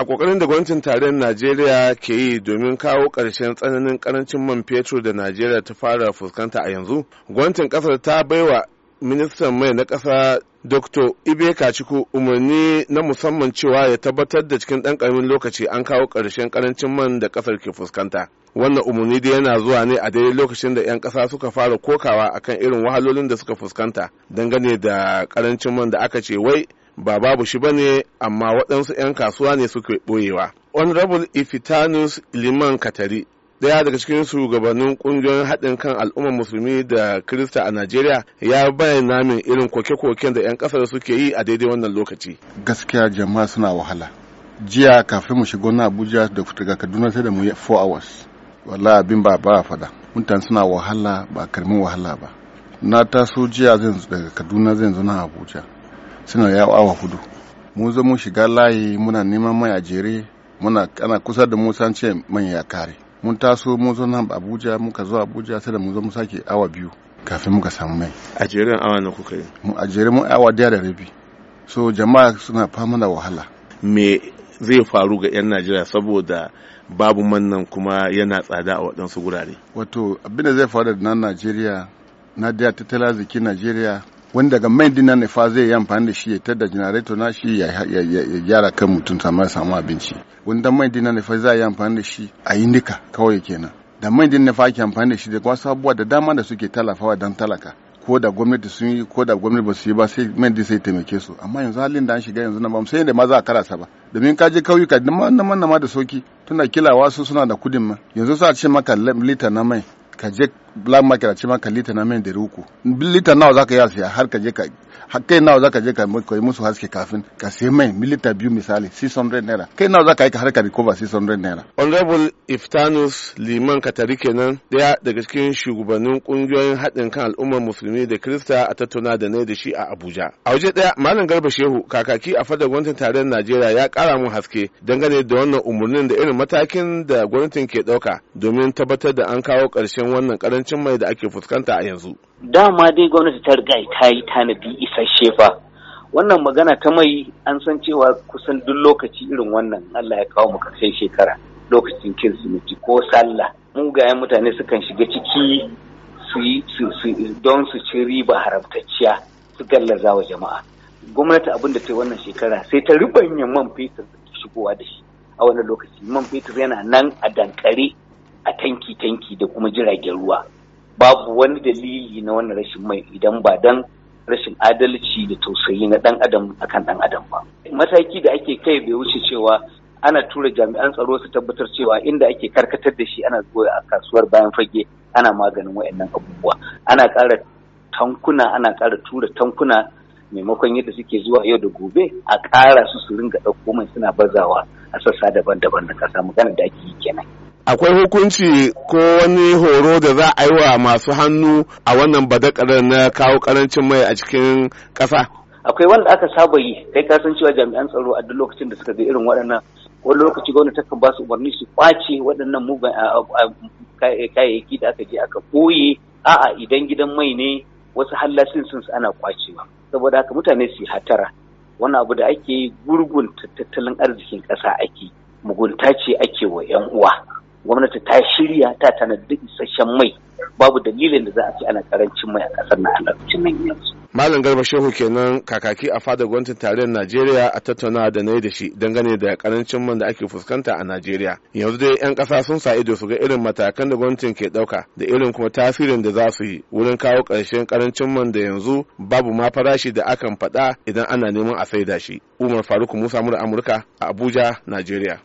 a kokarin da gwamnatin tarayyar najeriya ke yi domin kawo ƙarshen tsananin karancin man fetur da najeriya ta fara fuskanta a yanzu gwamnatin ƙasar ta baiwa ministan mai na ƙasa dr ibe kaciku umarni na musamman cewa ya tabbatar da cikin ɗan ƙaramin lokaci an kawo ƙarshen karancin man da ƙasar ke fuskanta wannan umarni da yana zuwa ne a daidai lokacin da 'yan ƙasa suka fara kokawa akan irin wahalolin da suka fuskanta dangane da ƙarancin man da aka ce wai ba babu shi ba ne amma waɗansu 'yan kasuwa ne suke ɓoyewa. Honorable Ifitanus Liman Katari daya daga cikin shugabannin ƙungiyoyin haɗin kan al'ummar musulmi da kirista a najeriya ya bayyana min irin koke-koken da 'yan ƙasar suke yi a daidai wannan lokaci gaskiya jama'a suna wahala jiya kafin mu shigo na abuja da daga kaduna sai da mu yi 4 hours wala abin ba ba fada mutane suna wahala ba karmin wahala ba na taso jiya daga kaduna zai zo na abuja suna yawo awa hudu mu zo mu shiga layi muna neman mai a jere muna ana kusa da mu ce mai ya kare mun taso mu zo nan abuja muka zo abuja sai da mu zo mu sake awa biyu kafin muka samu mai a jere awa na kuka yi mu a jere mu awa daya da rabi so jama'a suna fama da wahala me zai faru ga 'yan najeriya saboda babu mannan kuma yana tsada a waɗansu gurare wato abinda zai faru da nan najeriya na da tattalin arziki najeriya wanda daga mai dinan ne fa zai yi amfani da shi ya tada generator na shi ya gyara kan mutum sama samu abinci wanda mai dinan ne fa zai yi amfani da shi a yi nika kawai kenan da mai dinan ne fa ake amfani da shi da wasu abubuwa da dama da suke talafawa dan talaka ko da gwamnati sun yi ko da gwamnati ba su yi ba sai mendi sai taimake su amma yanzu halin da an shiga yanzu na ba sai da ma za a karasa ba domin ka je kauyuka da ma na ma da soki tunda kila wasu suna da kudin ma yanzu sa ce maka lita na mai ka je black market a ce ka lita na min dari uku lita nawa ka yi a siya har ka je ka kai nawa ka je ka yi musu haske kafin ka siya mai milita biyu misali 600 naira kai nawa ka yi ka har ka recover 600 naira honorable iftanus liman katari kenan daya daga cikin shugabannin kungiyoyin haɗin kan al'ummar musulmi da krista a tattauna da ne da shi a abuja a waje daya malam garba shehu kakaki a fadar gwamnatin tarayyar najeriya ya kara mun haske dangane da wannan umarnin da irin matakin da gwamnatin ke ɗauka domin tabbatar da an kawo ƙarshen wannan karancin mai da ake fuskanta a yanzu. Dama dai gwamnati ta riga ta yi tanadi isasshe fa. Wannan magana ta mai an san cewa kusan duk lokaci irin wannan Allah ya kawo mu karshen shekara lokacin Kirsimeti ko sallah. Mugayen mutane sukan shiga ciki don su ci riba haramtacciya su gallaza wa jama'a. Gwamnati abin da ta yi wannan shekara sai ta ribanya man fetur shigowa da shi. a wani lokaci man fetur yana nan a dankare a tanki tanki da kuma jiragen ruwa babu wani dalili na wannan rashin mai idan ba dan rashin adalci da tausayi na dan adam akan dan adam ba mataki da ake kai bai wuce cewa ana tura jami'an tsaro su tabbatar cewa inda ake karkatar da shi ana zuwa a kasuwar bayan fage ana maganin wayannan abubuwa ana ƙara tankuna ana ƙara tura tankuna maimakon yadda suke zuwa yau da gobe a ƙara su su ringa ɗauko mai suna bazawa a sassa daban-daban na ƙasa magana da ake yi kenan akwai hukunci ko wani horo da za a yi wa masu hannu a wannan badakar na kawo karancin mai a cikin kasa Akwai wanda aka saba yi kai kasan cewa jami'an tsaro a duk lokacin da suka ga irin waɗannan wani lokaci gwamnati takan ba su umarni su kwace waɗannan mugan kayayyaki da aka je aka ɓoye a'a idan gidan mai ne wasu hallasin sun ana kwacewa saboda haka mutane su hatara wani abu da ake gurgun tattalin arzikin ƙasa ake mugunta ce ake wa 'yan uwa gwamnati ta shirya ta tanadi isasshen mai babu dalilin da za a ce ana karancin mai a kasar na a lokacin nan yanzu. Malam Garba Shehu kenan kakaki a fadar gwamnatin tarayyar Najeriya a tattauna da na yi da shi dangane da karancin man da ake fuskanta a Najeriya. Yanzu dai 'yan ƙasa sun sa ido su ga irin matakan da gwamnatin ke ɗauka da irin kuma tasirin da za su yi wurin kawo ƙarshen karancin man da yanzu babu ma farashi da akan faɗa idan ana neman a saida shi. Umar Faruk Musa Mura Amurka a Abuja, Najeriya.